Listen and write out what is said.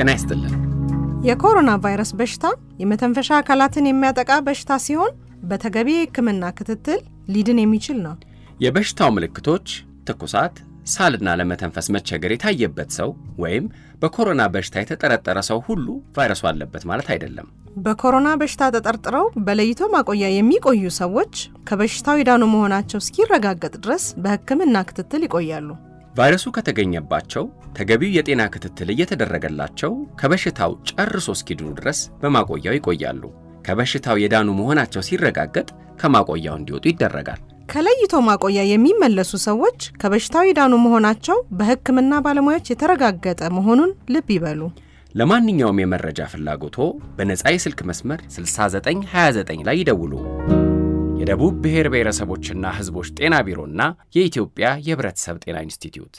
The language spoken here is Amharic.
ጤና ይስጥልን። የኮሮና ቫይረስ በሽታ የመተንፈሻ አካላትን የሚያጠቃ በሽታ ሲሆን በተገቢ የሕክምና ክትትል ሊድን የሚችል ነው። የበሽታው ምልክቶች ትኩሳት፣ ሳልና ለመተንፈስ መቸገር የታየበት ሰው ወይም በኮሮና በሽታ የተጠረጠረ ሰው ሁሉ ቫይረሱ አለበት ማለት አይደለም። በኮሮና በሽታ ተጠርጥረው በለይቶ ማቆያ የሚቆዩ ሰዎች ከበሽታው የዳኑ መሆናቸው እስኪረጋገጥ ድረስ በሕክምና ክትትል ይቆያሉ። ቫይረሱ ከተገኘባቸው ተገቢው የጤና ክትትል እየተደረገላቸው ከበሽታው ጨርሶ እስኪድኑ ድረስ በማቆያው ይቆያሉ። ከበሽታው የዳኑ መሆናቸው ሲረጋገጥ ከማቆያው እንዲወጡ ይደረጋል። ከለይቶ ማቆያ የሚመለሱ ሰዎች ከበሽታው የዳኑ መሆናቸው በሕክምና ባለሙያዎች የተረጋገጠ መሆኑን ልብ ይበሉ። ለማንኛውም የመረጃ ፍላጎቶ በነፃ የስልክ መስመር 6929 ላይ ይደውሉ። የደቡብ ብሔር ብሔረሰቦችና ሕዝቦች ጤና ቢሮና የኢትዮጵያ የህብረተሰብ ጤና ኢንስቲትዩት